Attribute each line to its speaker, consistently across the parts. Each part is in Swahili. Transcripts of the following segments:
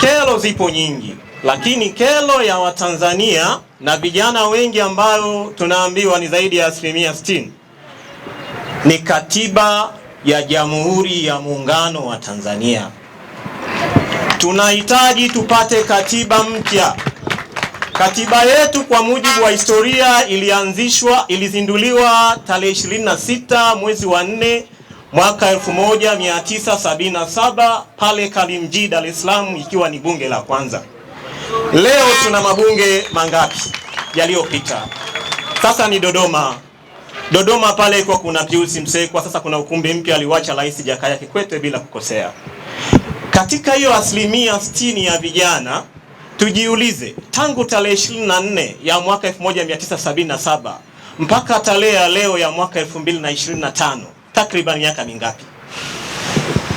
Speaker 1: Kero zipo nyingi, lakini kero ya Watanzania na vijana wengi ambayo tunaambiwa ni zaidi ya asilimia 60 ni katiba ya Jamhuri ya Muungano wa Tanzania. Tunahitaji tupate katiba mpya. Katiba yetu kwa mujibu wa historia ilianzishwa, ilizinduliwa tarehe 26 mwezi wa 4 mwaka 1977 pale Kalimji, Dar es Salaam, ikiwa ni bunge la kwanza. Leo tuna mabunge mangapi yaliyopita? Sasa ni Dodoma. Dodoma pale kwa kuna Pius Msekwa, sasa kuna ukumbi mpya aliwacha Rais Jakaya Kikwete bila kukosea. Katika hiyo asilimia sitini ya vijana tujiulize, tangu tarehe 24 ya mwaka 1977 mpaka tarehe ya leo ya mwaka 2025 takriban miaka mingapi?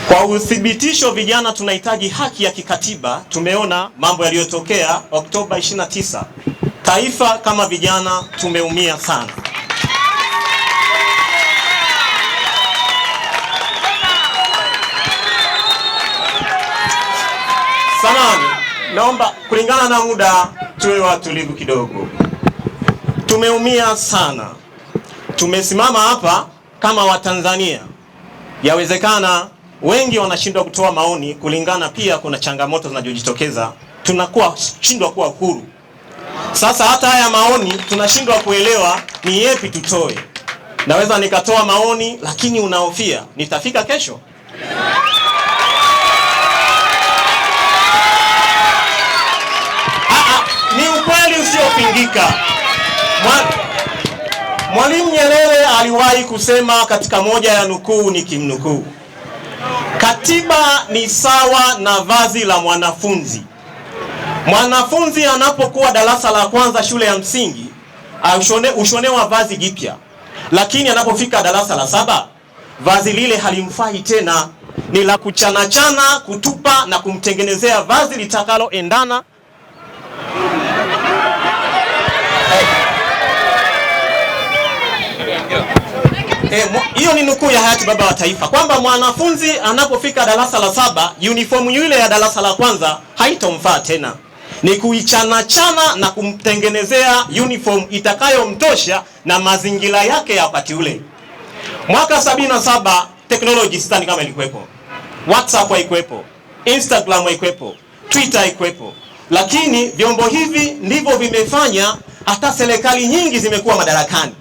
Speaker 1: Kwa uthibitisho, vijana tunahitaji haki ya kikatiba. Tumeona mambo yaliyotokea Oktoba 29. Taifa kama vijana tumeumia sana. Samahani, naomba kulingana na muda tuwe watulivu kidogo. Tumeumia sana, tumesimama hapa kama Watanzania, yawezekana wengi wanashindwa kutoa maoni kulingana, pia kuna changamoto zinazojitokeza, tunakuwa shindwa kuwa huru. Sasa hata haya maoni tunashindwa kuelewa ni yepi tutoe. Naweza nikatoa maoni, lakini unahofia nitafika kesho. Aa, ah, ah, ni ukweli usiopingika. Mwalimu Nyerere aliwahi kusema katika moja ya nukuu, ni kimnukuu, katiba ni sawa na vazi la mwanafunzi. Mwanafunzi anapokuwa darasa la kwanza shule ya msingi ushone, ushonewa vazi jipya, lakini anapofika darasa la saba vazi lile halimfai tena, ni la kuchanachana, kutupa na kumtengenezea vazi litakaloendana Eh, hiyo ni nukuu ya hayati baba wa taifa kwamba mwanafunzi anapofika darasa la saba uniform yule ya darasa la kwanza haitomfaa tena, ni kuichanachana na kumtengenezea uniform itakayomtosha na mazingira yake ya wakati ule. Mwaka 77 teknoloji sidhani kama ilikuwepo, WhatsApp haikuwepo, Instagram haikuwepo, Twitter haikuwepo, lakini vyombo hivi ndivyo vimefanya hata serikali nyingi zimekuwa madarakani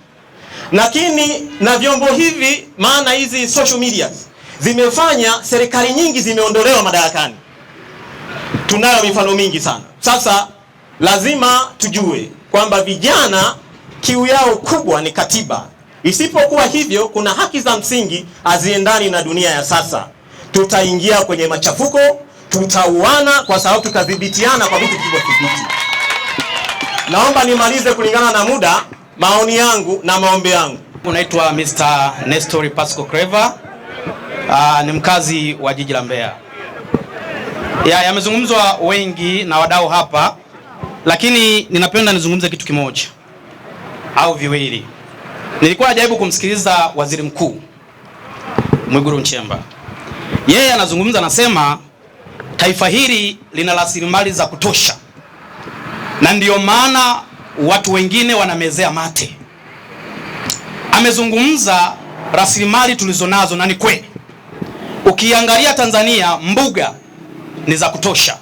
Speaker 1: lakini na vyombo hivi, maana hizi social media zimefanya serikali nyingi zimeondolewa madarakani. Tunayo mifano mingi sana. Sasa lazima tujue kwamba vijana kiu yao kubwa ni katiba. Isipokuwa hivyo, kuna haki za msingi haziendani na dunia ya sasa. Tutaingia kwenye machafuko, tutauana kwa sababu tutadhibitiana kwa vitu vilivyothibiti. Naomba nimalize kulingana na muda maoni yangu na maombi yangu.
Speaker 2: Unaitwa Mr. Nestori Pasco Creva. Uh, ni mkazi wa jiji la Mbeya. Ya yamezungumzwa wengi na wadau hapa, lakini ninapenda nizungumze kitu kimoja au viwili. Nilikuwa najaribu kumsikiliza Waziri Mkuu Mwiguru Nchemba, yeye anazungumza, anasema taifa hili lina rasilimali za kutosha na ndiyo maana watu wengine wanamezea mate. Amezungumza rasilimali tulizonazo na ni kweli, ukiangalia Tanzania mbuga ni za kutosha,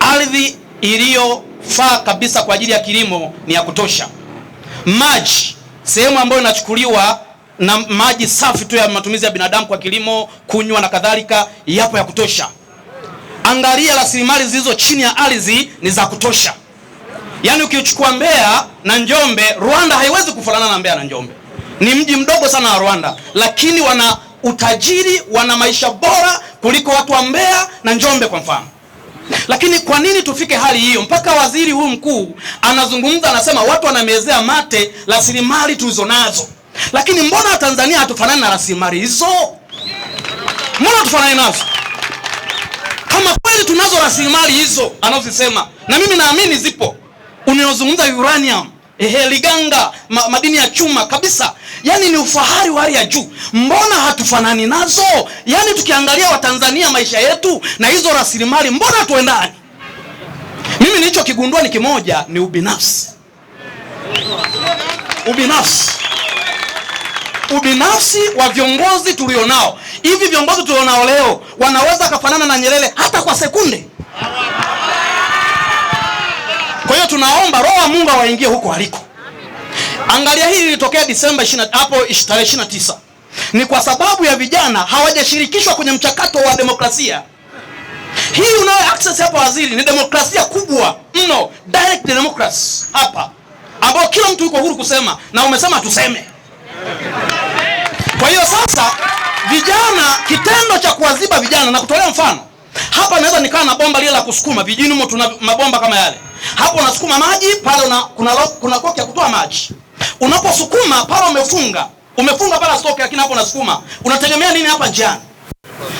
Speaker 2: ardhi iliyofaa kabisa kwa ajili ya kilimo ni ya kutosha, maji sehemu ambayo inachukuliwa na maji safi tu ya matumizi ya binadamu kwa kilimo, kunywa na kadhalika, yapo ya kutosha. Angalia rasilimali zilizo chini ya ardhi ni za kutosha. Yaani ukichukua Mbeya na Njombe, Rwanda haiwezi kufanana na Mbeya na Njombe. Ni mji mdogo sana wa Rwanda, lakini wana utajiri, wana maisha bora kuliko watu wa Mbeya na Njombe kwa mfano. Lakini kwa nini tufike hali hiyo? Mpaka waziri huyu mkuu anazungumza, anasema watu wanamezea mate rasilimali tulizonazo, lakini mbona Tanzania hatufanani na rasilimali hizo? Mbona hatufanani nazo? Kama kweli tunazo rasilimali hizo anazosema, na mimi naamini zipo unaozungumza uranium ehe, liganga ma, madini ya chuma kabisa, yani ni ufahari wa hali ya juu. Mbona hatufanani nazo? Yani tukiangalia Watanzania maisha yetu na hizo rasilimali, mbona hatuendani? Mimi nilichokigundua ni kimoja, ni ubinafsi, ubinafsi ubinafsi wa viongozi tulionao. Hivi viongozi tulionao leo wanaweza kafanana na Nyerere hata kwa sekunde? tunaomba roho wa Mungu awaingie huko aliko. Angalia, hili lilitokea Disemba hapo tarehe 29. Ni kwa sababu ya vijana hawajashirikishwa kwenye mchakato wa demokrasia. Hii unayo access hapa, waziri, ni demokrasia kubwa mno, direct democracy hapa, ambao kila mtu yuko huru kusema na umesema tuseme. Kwa hiyo sasa, vijana, kitendo cha kuwaziba vijana na kutolea mfano hapa naweza nikawa na bomba lile la kusukuma vijijini, humo tuna mabomba kama yale. Hapo unasukuma maji pale, una, kuna lo, kuna koki ya kutoa maji. Unaposukuma pale umefunga, umefunga pale stoke, lakini hapo unasukuma. Unategemea nini hapa njiani?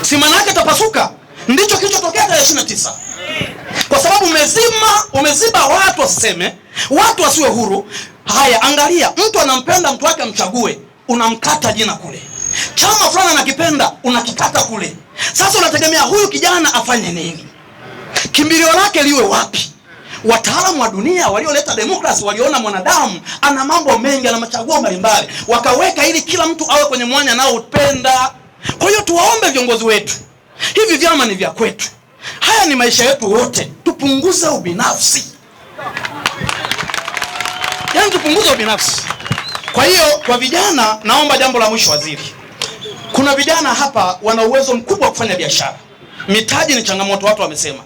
Speaker 2: Si maana yake tapasuka. Ndicho kilichotokea tarehe 29 kwa sababu umezima, umeziba watu wasiseme, watu wasiwe huru. Haya, angalia, mtu anampenda mtu wake amchague, unamkata jina kule. Chama fulani anakipenda unakikata kule. Sasa unategemea huyu kijana afanye nini? Kimbilio lake liwe wapi? Wataalamu wa dunia walioleta demokrasi waliona mwanadamu ana mambo mengi, ana machaguo mbalimbali, wakaweka ili kila mtu awe kwenye mwanya anaoupenda. Kwa hiyo tuwaombe viongozi wetu, hivi vyama ni vya kwetu, haya ni maisha yetu wote, tupunguze ubinafsi, yaani tupunguze ubinafsi. Kwa hiyo kwa vijana, naomba jambo la mwisho, waziri kuna vijana hapa wana uwezo mkubwa wa kufanya biashara. Mitaji ni changamoto, watu wamesema,